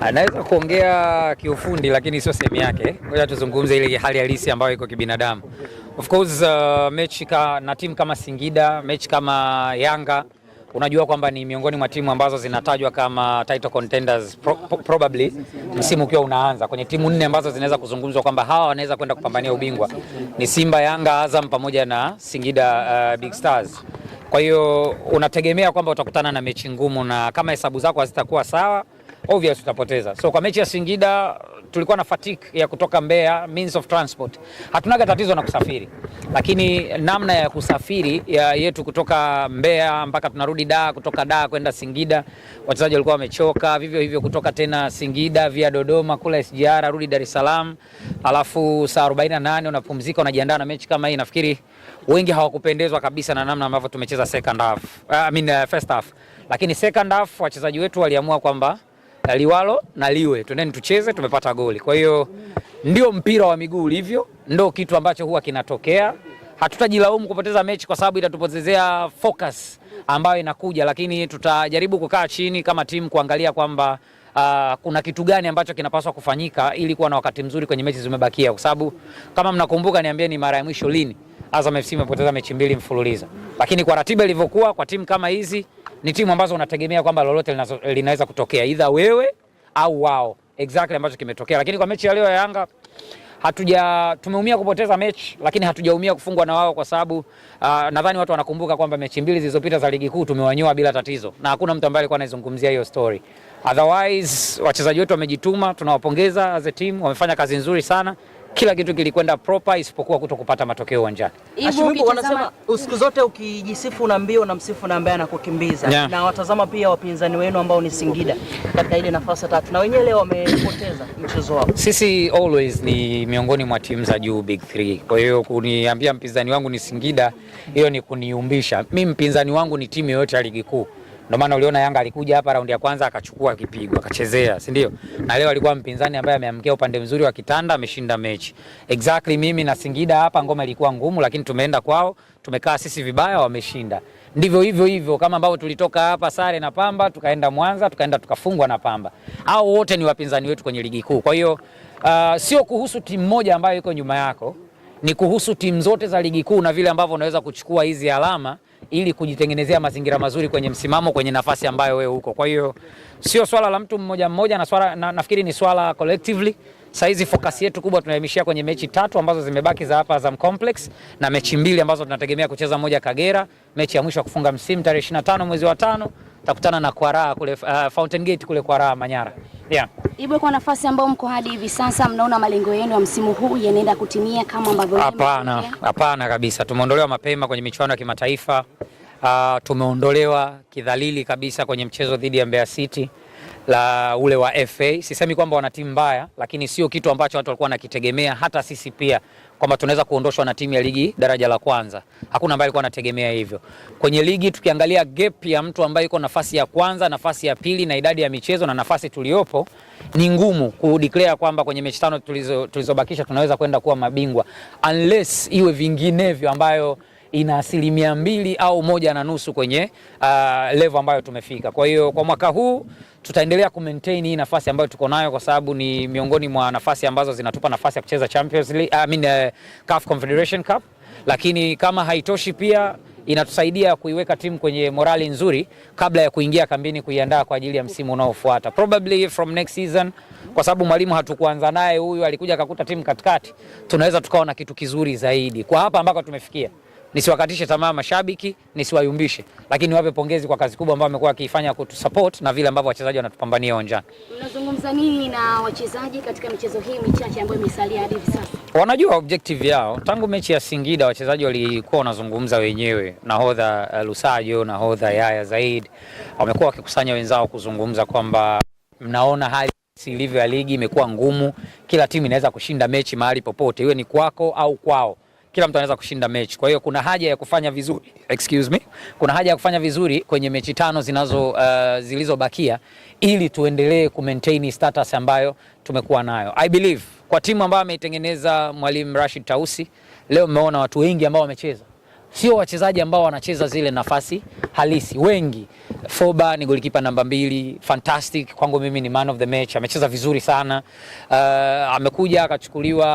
anaweza kuongea kiufundi lakini sio sehemu yake. Ngoja tuzungumze ile hali halisi ambayo iko kibinadamu. Of course uh, mechi ka, na timu kama Singida, mechi kama Yanga unajua kwamba ni miongoni mwa timu ambazo zinatajwa kama title contenders pro, probably msimu ukiwa unaanza. Kwenye timu nne ambazo zinaweza kuzungumzwa kwamba hawa wanaweza kwenda kupambania ubingwa ni Simba, Yanga, Azam pamoja na Singida uh, Big Stars. Kwa hiyo unategemea kwamba utakutana na mechi ngumu, na kama hesabu zako hazitakuwa sawa obvious tutapoteza. So kwa mechi ya Singida tulikuwa na fatigue ya kutoka Mbeya, means of transport. Hatunaga tatizo na kusafiri, lakini namna ya kusafiri ya yetu kutoka Mbeya mpaka tunarudi Dar, kutoka Dar kwenda Singida, wachezaji walikuwa wamechoka. Vivyo hivyo kutoka tena Singida via Dodoma kula SGR, rudi Dar es Salaam, alafu saa 48 unapumzika, unajiandaa na mechi kama hii. Nafikiri wengi hawakupendezwa kabisa na namna ambavyo tumecheza second half, I mean, uh, first half, lakini second half wachezaji wetu waliamua kwamba aliwalo na liwe, tuendeni tucheze, tumepata goli. Kwa hiyo ndio mpira wa miguu ulivyo, ndio kitu ambacho huwa kinatokea. Hatutajilaumu kupoteza mechi kwa sababu itatupotezea focus ambayo inakuja, lakini tutajaribu kukaa chini kama timu kuangalia kwamba Uh, kuna kitu gani ambacho kinapaswa kufanyika ili kuwa na wakati mzuri kwenye mechi zimebakia, kwa sababu kama mnakumbuka, niambie, ni mara ya mwisho lini Azam FC imepoteza mechi mbili mfululizo? Lakini kwa ratiba ilivyokuwa kwa timu kama hizi ni timu ambazo unategemea kwamba lolote linaweza kutokea idha wewe au wao, exactly ambacho kimetokea. Lakini kwa mechi ya leo ya Yanga hatuja tumeumia kupoteza mechi, lakini hatujaumia kufungwa na wao, kwa sababu uh, nadhani watu wanakumbuka kwamba mechi mbili zilizopita za ligi kuu tumewanyoa bila tatizo, na hakuna mtu ambaye alikuwa anaizungumzia hiyo story. Otherwise wachezaji wetu wamejituma, tunawapongeza as a team, wamefanya kazi nzuri sana kila kitu kilikwenda proper isipokuwa kuto kupata matokeo uwanjani. Wanasema siku zote ukijisifu na mbio na msifu na ambaye anakukimbiza yeah. Na watazama pia wapinzani wenu ambao ni Singida katika ile nafasi tatu, na wenyewe leo wamepoteza mchezo wao. Sisi always ni miongoni mwa timu za juu big three, kwa hiyo kuniambia mpinzani wangu ni Singida, hiyo ni kuniumbisha mimi. Mpinzani wangu ni timu yoyote ya ligi kuu. Ndio maana uliona Yanga alikuja hapa raundi ya kwanza akachukua kipigo akachezea, si ndio? Na leo alikuwa mpinzani ambaye ameamkia upande mzuri wa kitanda, ameshinda mechi. Exactly, mimi na Singida hapa ngoma ilikuwa ngumu, lakini tumeenda kwao, tumekaa sisi vibaya, wameshinda. Ndivyo hivyo hivyo kama ambavyo tulitoka hapa sare na Pamba, tukaenda Mwanza, tukaenda tukafungwa na Pamba. Hao wote ni wapinzani wetu kwenye ligi kuu. Kwa hiyo uh, sio kuhusu timu moja ambayo iko nyuma yako ni kuhusu timu zote za ligi kuu na vile ambavyo unaweza kuchukua hizi alama ili kujitengenezea mazingira mazuri kwenye msimamo, kwenye nafasi ambayo wewe uko. Kwa hiyo sio swala la mtu mmoja mmoja na swala na, nafikiri ni swala collectively. Saizi fokasi yetu kubwa tunahamishia kwenye mechi tatu ambazo zimebaki za hapa Azam Complex na mechi mbili ambazo tunategemea kucheza, moja Kagera, mechi ya mwisho ya kufunga msimu tarehe 25 mwezi wa tano, takutana na kwaraa kule, uh, Fountain Gate kule Kwaraa Manyara. Yeah. Ibwe, kwa nafasi ambayo mko hadi hivi sasa, mnaona malengo yenu ya msimu huu yanaenda kutimia kama ambavyo? Hapana, hapana kabisa. Tumeondolewa mapema kwenye michuano ya kimataifa. Uh, tumeondolewa kidhalili kabisa kwenye mchezo dhidi ya Mbeya City la ule wa FA. Sisemi kwamba wana timu mbaya, lakini sio kitu ambacho watu walikuwa wanakitegemea. Hata sisi pia kwamba tunaweza kuondoshwa na timu ya ligi daraja la kwanza, hakuna ambaye alikuwa anategemea hivyo. Kwenye ligi tukiangalia gap ya mtu ambaye yuko nafasi ya kwanza, nafasi ya pili na idadi ya michezo na nafasi tuliyopo, ni ngumu kudeclare kwamba kwenye mechi tano tulizobakisha tulizo tunaweza kwenda kuwa mabingwa unless iwe vinginevyo ambayo ina asilimia mbili au moja na nusu kwenye uh, level ambayo tumefika. Kwa hiyo kwa mwaka huu tutaendelea kumaintain hii nafasi ambayo tuko nayo, kwa sababu ni miongoni mwa nafasi ambazo zinatupa nafasi ya kucheza Champions League, I mean, uh, CAF Confederation Cup, lakini kama haitoshi pia inatusaidia kuiweka timu kwenye morali nzuri kabla ya kuingia kambini kuiandaa kwa ajili ya msimu unaofuata probably from next season, kwa sababu mwalimu hatukuanza naye huyu, alikuja akakuta timu katikati, tunaweza tukaona kitu kizuri zaidi kwa hapa ambako tumefikia. Nisiwakatishe tamaa mashabiki, nisiwayumbishe, lakini wape pongezi kwa kazi kubwa ambayo amekuwa akiifanya kutusupport na vile ambavyo wachezaji wanatupambania uwanjani. Unazungumza nini na wachezaji katika michezo hii michache ambayo imesalia hadi hivi sasa? Wanajua objective yao tangu mechi ya Singida, wachezaji walikuwa wanazungumza wenyewe, nahodha eh, Lusajo, nahodha Yaya Zaid wamekuwa wakikusanya wenzao kuzungumza kwamba mnaona hali ilivyo ya ligi imekuwa ngumu, kila timu inaweza kushinda mechi mahali popote, iwe ni kwako au kwao kila mtu anaweza kushinda mechi. Kwa hiyo kuna haja ya kufanya vizuri, excuse me, kuna haja ya kufanya vizuri kwenye mechi tano zinazo uh, zilizobakia ili tuendelee ku maintain status ambayo tumekuwa nayo. I believe kwa timu ambayo ameitengeneza mwalimu Rashid Tausi, leo mmeona watu wengi ambao wamecheza sio wachezaji ambao wanacheza zile nafasi halisi wengi. Foba ni golikipa namba mbili, fantastic kwangu mimi ni man of the match, amecheza vizuri sana. Uh, amekuja akachukuliwa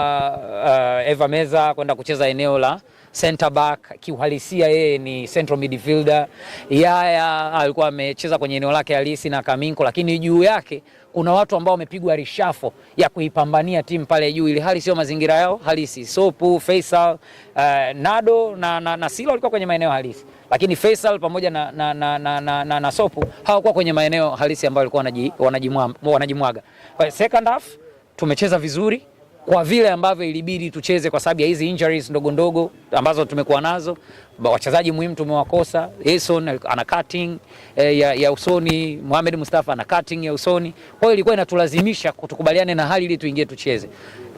uh, Eva Meza kwenda kucheza eneo la center back, kiuhalisia yeye ni central midfielder. Yaya alikuwa amecheza kwenye eneo lake halisi na Kaminko, lakini juu yake kuna watu ambao wamepigwa rishafo ya kuipambania timu pale juu, ili hali sio mazingira yao halisi. Sopu, Faisal, uh, Nado na, na, na Silo walikuwa kwenye maeneo halisi, lakini Faisal pamoja na, na, na, na, na, na, na Sopu hawakuwa kwenye maeneo halisi ambayo walikuwa wanajimwaga. Second half tumecheza vizuri kwa vile ambavyo ilibidi tucheze kwa sababu ya hizi injuries ndogo ndogo ambazo tumekuwa nazo. Wachezaji muhimu tumewakosa. Eson ana cutting e, ya, ya usoni. Mohamed Mustafa ana cutting ya usoni. Kwa hiyo ilikuwa inatulazimisha kutukubaliane na hali ili tuingie tucheze.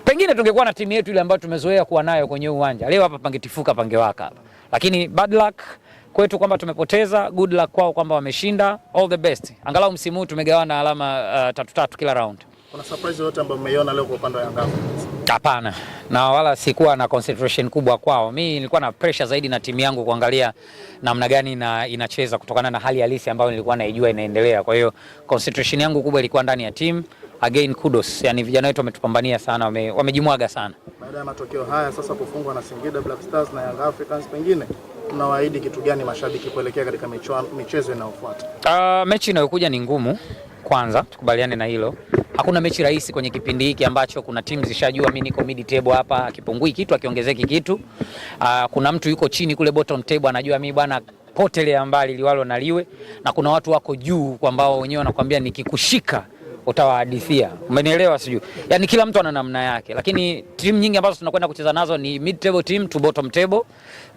Pengine tungekuwa na timu yetu ile ambayo tumezoea kuwa nayo kwenye uwanja leo, hapa pangetifuka pangewaka hapa, lakini bad luck kwetu kwamba tumepoteza, good luck kwao kwamba wameshinda. All the best, angalau msimu huu tumegawana alama uh, tatu tatu kila round. Kuna surprise yoyote ambayo umeiona leo kwa upande wa Yanga? Hapana, na wala sikuwa na concentration kubwa kwao. Mi nilikuwa na pressure zaidi na timu yangu kuangalia namna gani na inacheza kutokana na hali halisi ambayo nilikuwa naijua inaendelea. Kwa hiyo concentration yangu kubwa ilikuwa ndani ya timu. Again, kudos. Yani vijana wetu wametupambania sana, wame, wamejimwaga sana. Baada ya matokeo haya sasa kufungwa na Singida Black Stars na Young Africans, pengine tunawaahidi kitu gani mashabiki kuelekea katika michezo inayofuata? Uh, mechi inayokuja ni ngumu, kwanza tukubaliane na hilo hakuna mechi rahisi kwenye kipindi hiki ambacho kuna timu zishajua mimi niko mid table hapa, akipungui kitu akiongezeki kitu. Aa, ah, kuna mtu yuko chini kule bottom table anajua mimi bwana potelea mbali liwalo na liwe, na kuna watu wako juu ambao wenyewe wanakuambia nikikushika utawahadithia. Umenielewa? Sijui, yani kila mtu ana namna yake, lakini timu nyingi ambazo tunakwenda kucheza nazo ni mid table team to bottom table.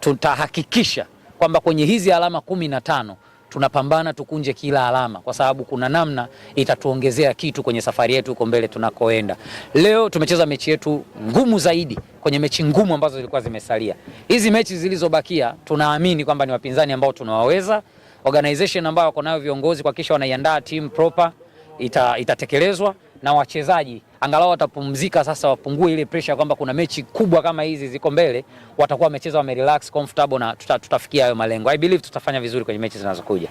Tutahakikisha kwamba kwenye hizi alama kumi na tano tunapambana tukunje kila alama, kwa sababu kuna namna itatuongezea kitu kwenye safari yetu huko mbele tunakoenda. Leo tumecheza mechi yetu ngumu zaidi kwenye mechi ngumu ambazo zilikuwa zimesalia. Hizi mechi zilizobakia, tunaamini kwamba ni wapinzani ambao tunawaweza, organization ambayo wako nayo viongozi kuhakikisha wanaiandaa team proper itatekelezwa na wachezaji angalau watapumzika sasa, wapungue ile pressure kwamba kuna mechi kubwa kama hizi ziko mbele, watakuwa wamecheza wame relax comfortable, na tuta, tutafikia hayo malengo. I believe tutafanya vizuri kwenye mechi zinazokuja.